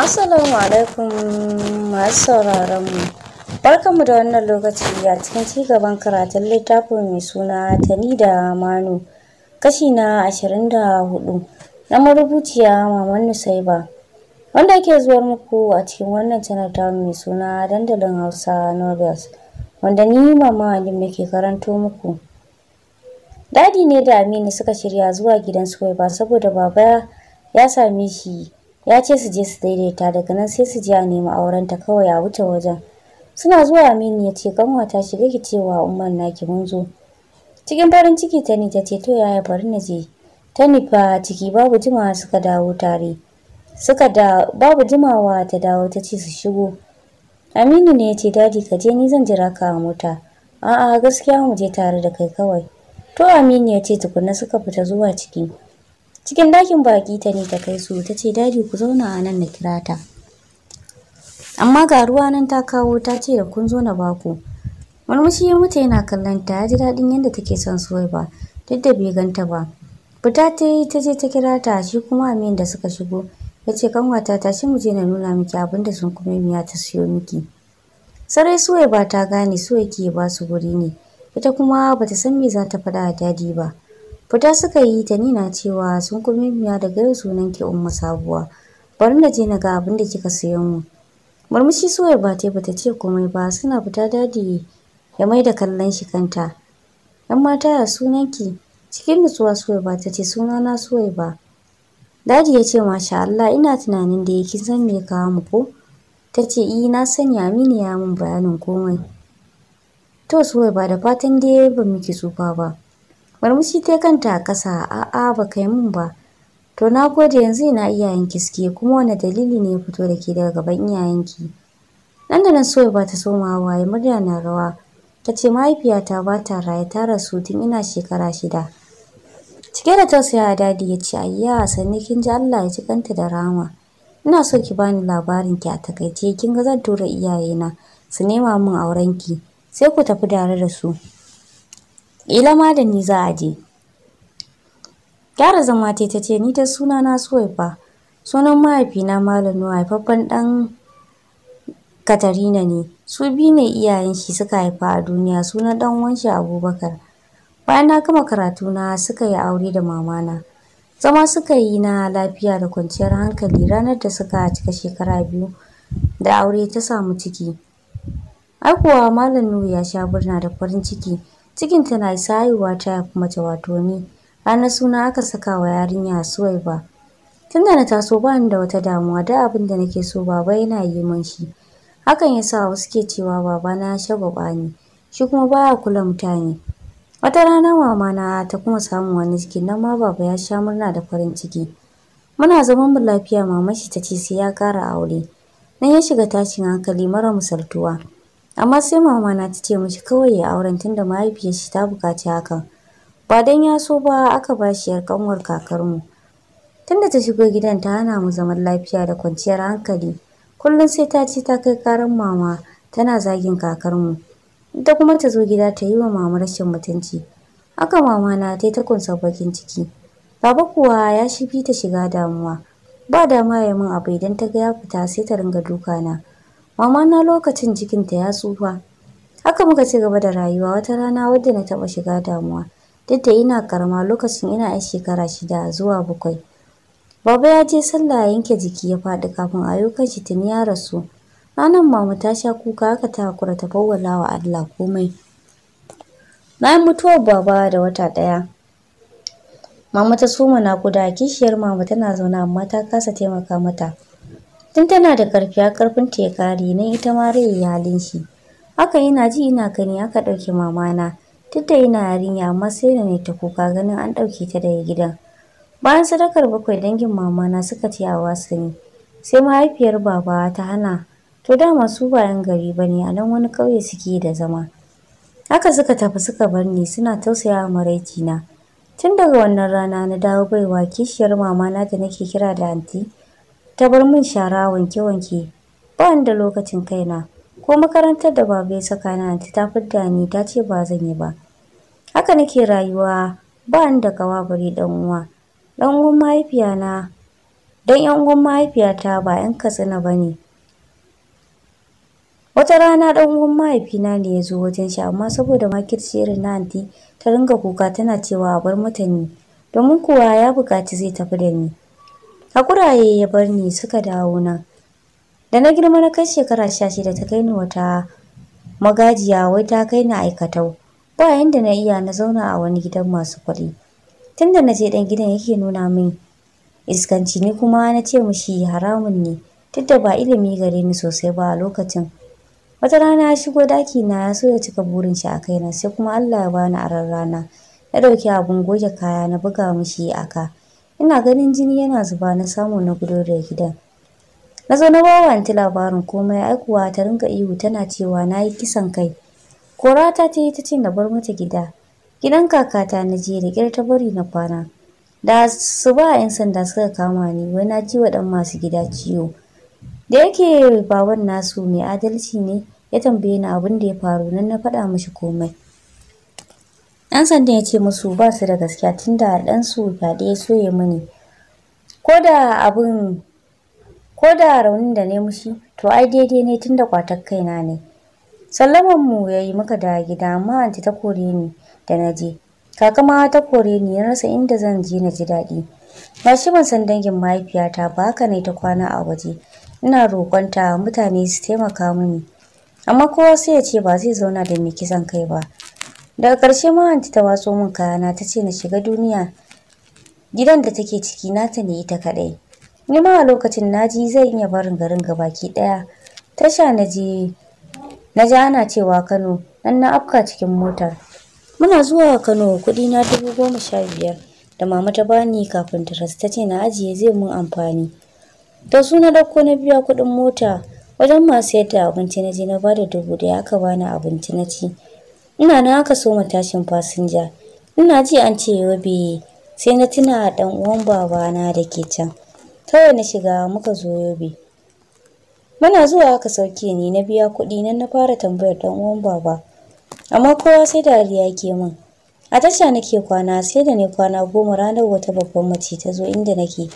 Assalamu alaikum masu sauraron mu. Barkanmu da wannan lokaci a cikin ci gaban karatun littafin mai suna Tani da Manu kashi na 24 na marubuciya Maman Nusaiba wanda ke zuwar muku a cikin wannan channel mai suna dandalin Hausa Novels wanda ni Mama Alim muke karanto muku. Dadi ne da Aminu suka shirya zuwa gidan Suwaiba saboda baba ya same shi ya ce su je su daidaita daga nan sai su je a nemi aurenta kawai a wuce wajen suna zuwa aminu ya ce ta shiga ki cewa umman naki mun zo cikin farin ciki ta ni ta ce to yaya bari na je ta nufa ciki babu jimawa suka dawo tare suka da babu jimawa ta dawo ta ce su shigo aminu ne ya ce dadi ka je ni zan jira ka a mota a'a gaskiya mu je tare da kai kawai to aminu ya ce tukunna suka fita zuwa ciki cikin dakin baki ta ne ta kai su ta ce dadi ku zauna a nan na kira ta amma ga ruwa nan ta kawo ta ce da kun zo na baku murmushi ya mutu yana kallon ta ya ji daɗin yadda take son suwaiba duk da bai ganta ba fita ta yi ta je ta kira ta shi kuma amin da suka shigo ya ce kanwata ta shi mu je na nuna miki abin da sun kuma miya ta siyo miki sarai suwaiba ta gane suwai ke ba su guri ne ita kuma ba ta san me za ta faɗa a dadi ba Fita suka yi ta nina cewa sun kuma miya da gare sunan ke umma sabuwa. Bari na je na ga abin da kika sayo mu. Murmushi suwar ba ta bata ce komai ba suna fita dadi ya mai da kallon shi kanta. ‘Yan mata ya sunan ki, cikin nutsuwa suwar ba ta ce na suwar ba. Dadi ya ce masha Allah ina tunanin da yake san me kawo mu ko? Ta ce i eh, na sani amini ya min bayanin komai. To suwai ba da fatan dai ba miki tsufa ba. mu ta kanta a ƙasa, a'a ba kai mun ba. To na gode yanzu ina iyayenki suke kuma wani dalili ne ya fito da ke daga gaban iyayenki. Nan da nan so ba ta soma waye murya na rawa. Ta ce mahaifiyata ba ta raye ta rasu tun ina shekara shida. Cike da tausaya a dadi ya ce ayya sanni kin ji Allah ya ci kanta da rama. Ina so ki bani labarin ki a takaice kin ga zan tura iyayena su nema min aurenki sai ku tafi dare da su. ƙila ma da ni za a je gyara zama ta ta ce ni ta suna na suwaifa sunan mahaifina malam nuwa haifaffen ɗan katarina ne su bi ne iyayen shi suka haifa a duniya sunan ɗan wanshi abubakar bayan na gama karatu na suka yi aure da mamana zama suka yi na lafiya da kwanciyar hankali ranar da suka cika shekara biyu da aure ta samu ciki ai kuwa malam nuhu ya sha birna da farin ciki cikin tana isa haihuwa ta yafi mace wato ni ranar suna aka saka wa yarinya Suwaiba tun da na taso ba da wata damuwa da abin da nake so baba yana yi min shi hakan yasa wasu ke cewa baba na shagwaba ni shi kuma baya kula mutane wata rana mama na ta kuma samun wani ciki nan ma baba ya sha murna da farin ciki muna zaman mu lafiya mama shi ta ce sai ya kara aure nan ya shiga tashin hankali mara misaltuwa amma sai mama na ta ce mishi kawai ya auren tunda mahaifiyar shi ta bukaci hakan ba dan ya so ba aka ba shi yar kanwar kakarmu tunda ta shigo gidan ta hana mu zaman lafiya da kwanciyar hankali kullum sai ta ce ta kai karan mama tana zagin kakarmu ita kuma ta zo gida ta yi wa mama rashin mutunci haka mama na ta ta kunsa bakin ciki baba kuwa ya shi ta shiga damuwa ba dama ya min abu idan ta ga ya fita sai ta ringa duka na Mama na lokacin jikinta ya tsufa. Haka muka ci gaba da rayuwa wata rana wadda na taɓa shiga damuwa. Duk da ina karama lokacin ina yan shekara shida zuwa bakwai. Baba ya je sallah ya yanke jiki ya faɗi kafin a yo shi tuni ya rasu. Ranar mama ta sha kuka haka ta hakura ta fawwala wa Allah komai. yi mutuwar baba da wata ɗaya, mama ta soma naƙuda kishiyar mama tana zaune amma ta kasa taimaka mata. tun tana da ƙarfi a ƙarfin ta ya na ita ma rai iyalin halin shi haka yana ji ina gani aka ɗauke mamana duk da yana yarinya amma sai da ta kuka ganin an ɗauke ta daga gidan bayan sadakar bakwai dangin mamana suka ce a ne sai mahaifiyar baba ta hana to da masu bayan gari ba ne, a nan wani ƙauye suke da zama haka suka tafi suka bar ni suna tausaya maraicina tun daga wannan rana na dawo baiwa kishiyar mamana da nake kira da anti ta bar min shara wanke-wanke ba da lokacin kaina ko makarantar da babu ya saka na ta ta da ni ta ce ba zan yi ba haka nake rayuwa ba ni da kawabari dan uwa dan uwan mahaifiya na dan yan uwan mahaifiyata ba yan katsina bane wata rana dan uwan mahaifina ne ya zo wajen shi amma saboda makirci irin na anti ta ringa kuka tana cewa a bar mutane, domin kuwa ya bukaci zai tafi da ni Hakuraye ya bar ni suka dawo nan. Da na girma na kai shekara sha shida ta kai ni wata magajiya wai ta kai ni aikatau. Ba yanda na iya na zauna a wani gidan masu kuɗi. Tunda na je ɗan gidan yake nuna min iskanci ni kuma na ce mushi haramun ne duk da ba ilimi gare ni sosai ba a lokacin. Wata rana ya shigo ɗaki na ya so ya cika burin shi a kaina sai kuma Allah ya bani aron rana. Na ɗauki abun goge kaya na buga a aka. ina ganin jini yana zuba na samu na gudu da gidan na zo na bawa anti labarin komai kuwa ta rinka ihu tana cewa na yi kisan kai kora ta ta yi ta ce na bar mata gida gidan kakata na je da ƙyar ta bari na kwana da su ba 'yan sanda suka kama ni wai na ji wa ɗan masu gida ciwo da yake baban nasu mai adalci ne ya tambaye ni abin da ya faru nan na faɗa mashi komai Ɗan sandan ya ce musu ba su da gaskiya tunda ɗansu fyaɗe ya soye mini. Ko da abin ko da raunin da ne mushi to ai daidai ne tunda kwatar kaina ne. Sallaman mu ya yi muka da gida amma anti ta kore ni da na je. Kaka ma ta kore ni na rasa inda zan je na ji daɗi. Ba shi ban san dangin mahaifiyata ba haka ne ta kwana a waje. Ina roƙonta mutane su taimaka mini. Amma kowa sai ya ce ba zai zauna da mai kisan kai ba. daga ƙarshe mahanti ta waso min kayana ta ce na shiga duniya gidan da take ciki nata ne ita kaɗai ni ma a lokacin na ji zai iya barin garin gabaki ɗaya tasha na je na ji ana cewa kano nan na afka cikin motar muna zuwa kano kuɗi na dubu goma sha biyar da mama ta bani kafin ta rasu ta ce na ajiye zai mun amfani to su na ɗauko na biya kuɗin mota wajen masu yadda abinci na je na bada dubu da aka bani abinci na ci ina na aka so tashin fasinja ina ji an ce yobe sai na tuna dan uwan babana da ke can kawai na shiga muka zo yobe muna zuwa aka sauke ni na biya kuɗi nan na fara tambayar dan uwan baba amma kowa sai dariya ke min a tasha nake kwana sai da ne kwana goma ranar wata babban mace ta zo inda nake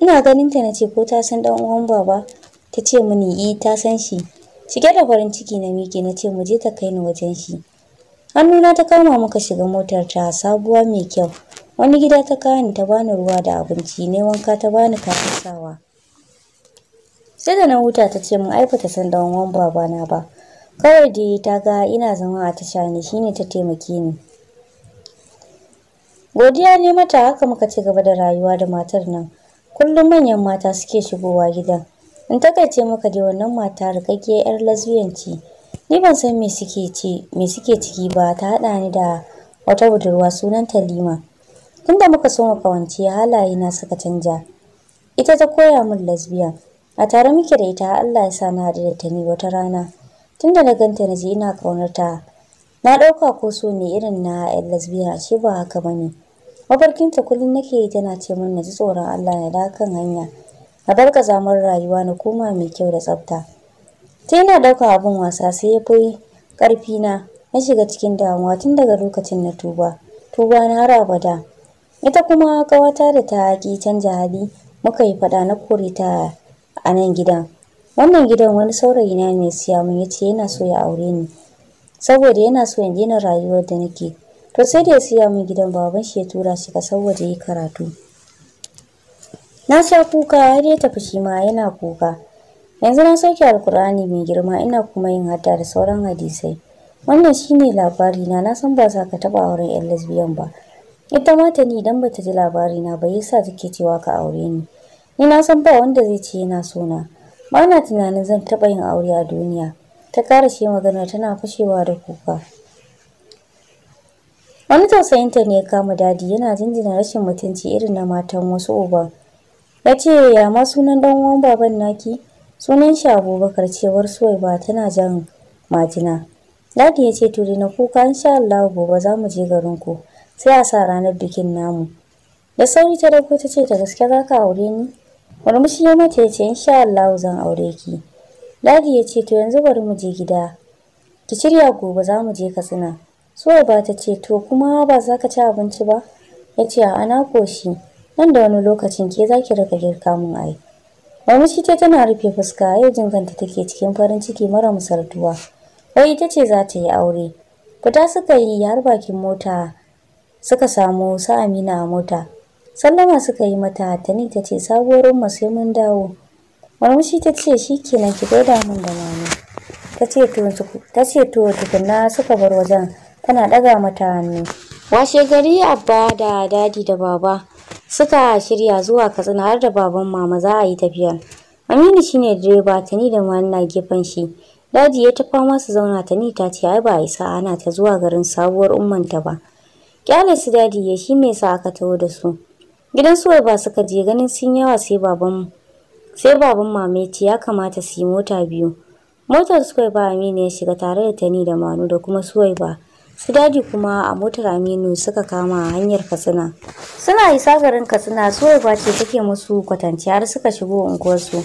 ina ganin ta nace ko ta san dan uwan baba ta ce mini i eh, ta san shi cike da farin ciki na miƙe nace ce mu je ta kai ni wajen shi hannuna ta kama muka shiga motar ta sabuwa mai kyau wani gida ta kani ta bani ruwa da abinci ne wanka ta bani kafin sai da na huta ta ce min ai ta san da babana ba kawai dai ta ga ina zama a tasha ne shine ta taimake ni godiya ne mata haka muka ci gaba da rayuwa da matar nan kullum manyan mata suke shigowa gidan in takaice maka dai wannan mata rikakkiyar yar lasbiyanci ce Ni ban san me suke ce, me suke ciki ba ta hada ni da wata budurwa sunan Talima. Tunda muka so mu kawance halaye na suka canja. Ita ta koya min lesbian. A tare muke da ita Allah ya sa na haɗu da ta ni wata rana. Tunda na ganta na ji ina kaunar ta. Na ɗauka ko so ne irin na 'yan lesbian ce ba haka ba ne. Mafarkinta kullum nake yi tana ce min na ji tsoron Allah ya da kan hanya. Na bar zaman rayuwa na koma mai kyau da tsafta. ta yana ɗauka abin wasa sai ya fi ƙarfina na na shiga cikin damuwa tun daga lokacin na tuba tuba na har abada ita kuma ƙawata da ta ki canja hali muka yi faɗa na kore ta a nan gidan wannan gidan wani saurayi na mai siya mun ya ce yana so ya aure ni saboda yana so ya daina rayuwar da nake to sai da ya siya min gidan baban shi ya tura shi kasar waje yi karatu na sha kuka har ya tafi shi ma yana kuka yanzu na sauke alkur'ani mai girma ina kuma yin hadda da sauran hadisai wannan shine labari na na san ba za ka taba auren yan lesbian ba ita ma ta ni idan bata ji labari na ba yasa take cewa ka aure ni ni na san ba wanda zai ce yana so na ba na tunanin zan taba yin aure a duniya ta kara shi magana tana fashewa da kuka wani tausayinta ne ya kama dadi yana jinjina rashin mutunci irin na matan wasu uban ya ce ya ma sunan dan uwan baban naki Sunan shi Abubakar cewar Suwaiba tana jan majina. Ladi ya ce turi na kuka in sha Allah gobe za mu je garin ku sai a sa ranar bikin namu. Da sauri ta dauko ta ce ta gaske za ka aure ni? Murmushi ya mata ya ce sha Allah zan aure ki. Ladi ya ce to yanzu bari mu je gida. Ki shirya gobe za mu je Katsina. Suwaiba ta ce to kuma ba za ka ci abinci ba? Ya ce a ana koshi nan da wani lokacin ke za ki rika girka mun aiki? Mamishi ta tana rufe fuska yau jin kanta take cikin farin ciki mara misaltuwa. Wai ita ce za ta yi aure. Fita suka yi har bakin mota suka samu sa Amina a mota. Sallama suka yi mata Tani ta ce sabuwar umma sai mun dawo. Mamishi ta ce shi kenan ki gaida mun da mami. Ta ce to tukunna suka bar wajen tana daga mata hannu. Washe gari Abba da Dadi da Baba suka shirya zuwa katsina har da baban mama za a yi tafiyar aminu shine direba tani da na gefen shi daji ya tafa masu zauna tani ta ce ai ba isa ana ta zuwa garin sabuwar ta ba kyale su daji ya shi me sa aka taho da su gidan suwar ba suka je ganin sun yawa sai baban sai baban mama ce ya kamata su yi mota biyu motar suwai ba aminu ya shiga tare da tani da manu da kuma suwai ba su daji kuma a motar aminu suka kama hanyar katsina suna isa garin katsina soyarwa ce take musu kwatanci har suka shigo unguwarsu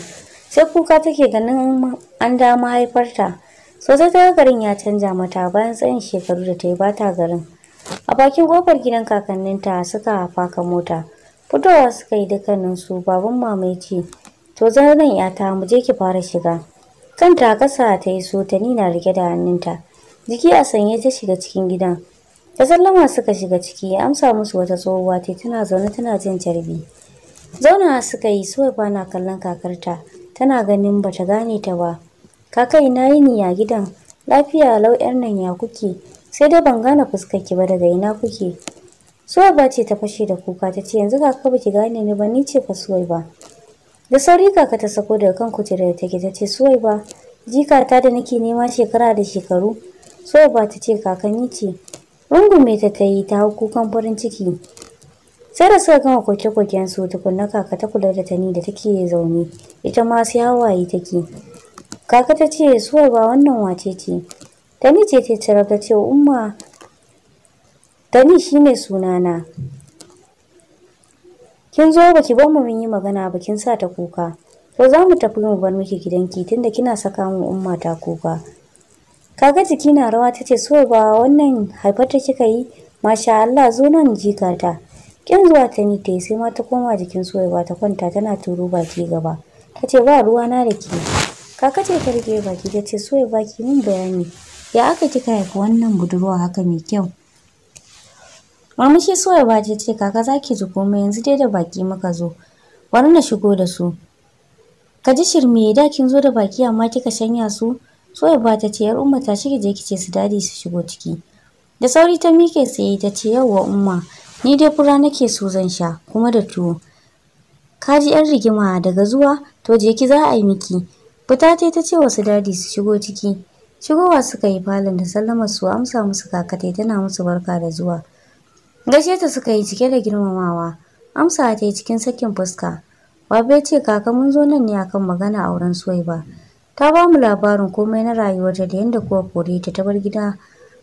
sai kuka take ganin an da mahaifarta sosai ta garin ya canja mata bayan tsayin shekaru da ta yi bata garin a bakin kofar gidan kakanninta suka faka mota fitowa suka yi dukkaninsu baban mamaci to zanen yata mu je ki fara shiga kanta kasa ta yi so na nina rike da hannunta Jiki a sanye ta shiga cikin gidan. Da sallama suka shiga ciki ya amsa musu wata tsohuwa ta tana zaune tana jin carbi. Zauna suka yi suwai bana kallon kakarta tana ganin bata gane ta ba. Kakai ina yi ni ya gidan lafiya lau yar nan ya kuke sai dai ban gane ki ba daga ina kuke. Suwaiba ce ta fashe da kuka ta ce yanzu kaka baki gane ni ba ni ce fa Suwaiba. Da sauri kaka ta sako daga kan kujerar take ta ce ba jikata da nake nema shekara da shekaru so ba ta ce kakanni ce rungume ta ta yi ta hau kukan farin ciki sai da suka gama kwake-kwake kwaken su tukunna kaka ta kula da tani da take zaune ita ma sai hawaye take kaka ta ce suwa ba wannan wace ce tani ce ta cira ta ce umma tani shine sunana kin zo baki bar mu mun yi magana ba kin sa ta kuka to za mu tafi mu bar miki gidanki tunda kina saka mu umma ta kuka kaga jiki na rawa tace so ba wannan haifar ta kika yi masha Allah zo nan jikarta kin zuwa ta ni tayi sai ma ta koma jikin soyayya ta kwanta tana turo baki gaba tace ba ruwa na da ke kaka ce ta rike baki tace soyayya ki min bayani ya aka kika haifa wannan budurwa haka mai kyau Mamashi soyayya ba ta ce kaka zaki ji komai yanzu dai da baki muka zo Wani na shigo da su ka ji shirme da kin zo da baki amma kika shanya su Suwaiba ta ce ‘yar Umma ta shige je kice su dadi su shigo ciki. Da sauri ta mike tsaye ta ce yawwa Umma ni dai fura nake so zan sha kuma da tuwo. Ka ji ‘yan rigima daga zuwa to je ki za a yi miki. Fita ta ta ce su dadi su shigo ciki. Shigowa suka yi falon da sallamar su amsa musu kakatai tana musu barka da zuwa. Gashe ta suka yi cike da girmamawa. Amsa ta yi cikin sakin fuska. Wabe ce kaka mun zo nan ne akan magana auren Suwaiba. ta ba mu labarin komai na rayuwarta da yadda kuwa kore ta ta bar gida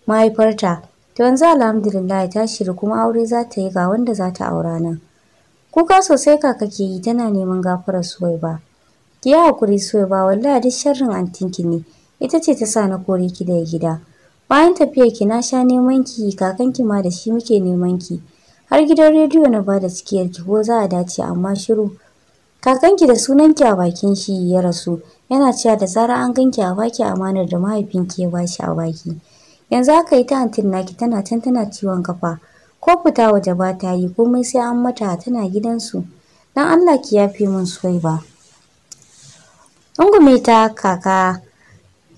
mahaifarta ta yanzu alhamdulillah ta shiri kuma aure za ta yi ga wanda za ta aura nan kuka sosai kaka ke yi tana neman gafarar suwaiba ki yi hakuri suwaiba wallahi duk sharrin antinki ne ita ce ta sa na kore ki daga gida bayan tafiyar ki na sha neman ki kakan ki ma da shi muke neman ki har gidan rediyo na bada cikiyar ki ko za a dace amma shiru kakanki da sunanki a bakin shi ya rasu yana cewa da zara an ganki a baki amanar da mahaifinki ya bashi a baki yanzu haka ta antin naki tana can tana ciwon kafa ko fita waje ba ta yi komai sai an mata tana gidansu dan Allah ki yafe min suwaiba ungume ta kaka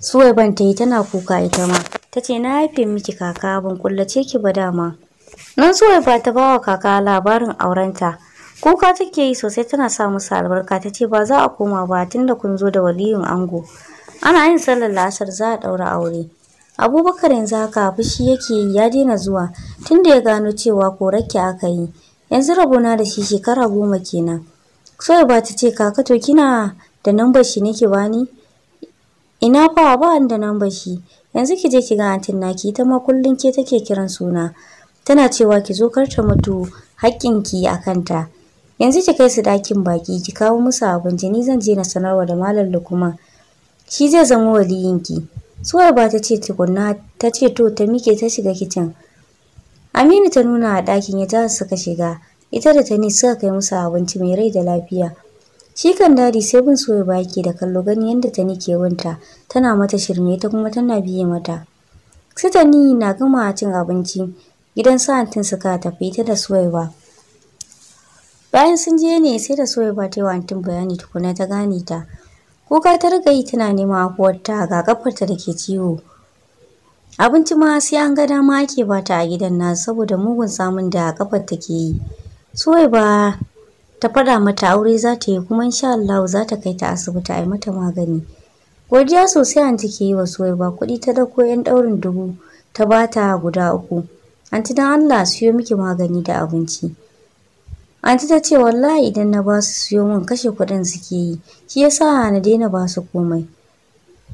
suwaiban ta yi tana kuka ita ma tace na haife miki kaka ban kullace ki ba dama nan suwaiba ta bawa kaka labarin aurenta kuka take yi sosai tana sa musu albarka ta ce ba za a koma ba tunda kun zo da waliyin ango ana yin sallar la'asar za a ɗaura aure abubakar yanzu haka fushi yake yi ya daina zuwa tunda ya gano cewa korarki aka yi yanzu rabona da shi shekara goma kenan soya ba ta ce kaka to kina da nambar shi nake bani ina fa ba da nambar shi yanzu ki je ki ga antin naki ita ma kullun ke take kiran suna tana cewa ki zo kar ta mutu haƙƙinki a kanta yanzu ki kai su ɗakin baki ki kawo musu abinci ni zan je na sanarwa da malam lukman shi zai zama waliyinki suwar ba ta ce tukunna ta ce to ta mike ta shiga kicin aminu ta nuna a ɗakin ya ta suka shiga ita da Tani suka kai musu abinci mai rai da lafiya shi kan dadi sai bin soya baki da kallo gani yadda tani ke wanta tana mata shirme ta kuma tana biye mata Sitani tani na gama cin abinci gidan sa'antin suka tafi ita da soyawa Bayan sun je ne sai da soyayya ba ta yi wa antin bayani tukuna ta gane ta. Kuka ta riga yi tana neman ta ga kafarta da ke ciwo. Abinci ma sai an ga dama ake bata a gidan na saboda mugun samun da kafar take yi. soyayya ba ta fada mata aure za ta yi kuma insha Allah za ta kai ta asibiti a mata magani. Godiya sosai an ke yi wa Suwaiba kuɗi ta dauko 'yan ɗaurin dubu ta bata guda uku. Anti dan Allah siyo miki magani da abinci. Anti ta ce wallahi idan na ba su siyo min kashe kuɗin suke yi, shi yasa na daina ba su komai.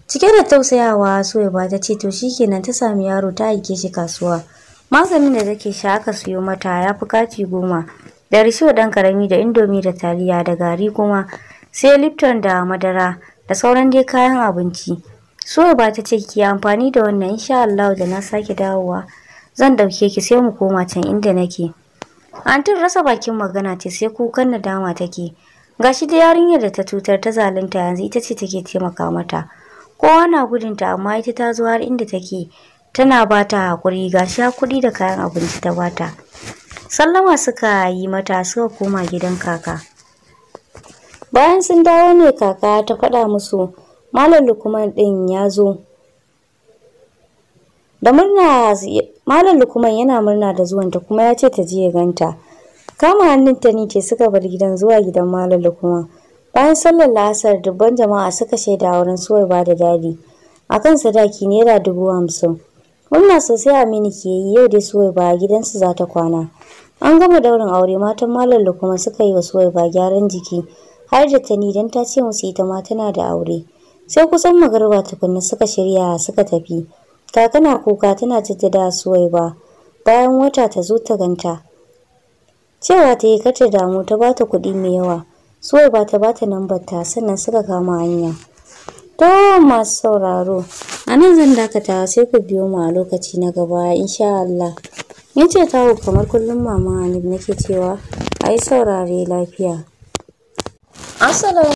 Cike da tausayawa Suwaiba ta ce to shikenan ta sami yaro ta aike shi kasuwa. Maganin da take sha aka siyo mata ya fi kati goma, da risho ɗan karami da indomi da taliya da gari kuma sai lipton da madara da sauran dai kayan abinci. Suwaiba ta ce ki amfani da wannan insha Allah da na sake dawowa zan ɗauke ki sai mu koma can inda nake. Antin rasa bakin magana ce sai kukan nadama take. Gashi da yarinyar da ta tutar ta zalunta yanzu ita ce take taimaka mata. Kowa na gudunta amma ita ta zo har inda take tana ba ta haƙuri gashi kuɗi da kayan abinci ta bata. Sallama suka yi mata suka koma gidan kaka. Bayan sun dawo ne kaka ta faɗa musu Malam Lukman ɗin ya zo. Da murna Malam Lukman yana murna da zuwanta kuma ya ce ta je ya ganta. Kama hannun ta ce suka bar gidan zuwa gidan Malam Lukman. Bayan sallar la'asar dubban jama'a suka shaida wurin Suwaiba da Dadi. A kan sadaki naira dubu hamsin. Murna sosai Aminu ke yi yau dai Suwaiba a gidansu za ta kwana. An gama daurin aure matan Malam Lukman suka yi wa Suwaiba gyaran jiki har da tani don ta ce musu ita ma tana da aure. Sai kusan magarba tukunna suka shirya suka tafi. ta tana kuka tana da suwai ba bayan wata ta zo ta ganta cewa ta yi kace damu ta bata kuɗi mai yawa suwaiba ta bata lambar ta sannan suka kama hanya to masu sauraro a nan zan dakata sai ku biyo mu a lokaci na gaba insha Allah ni ce tawo kamar kullum mama Hanif nake cewa a saurare lafiya assalamu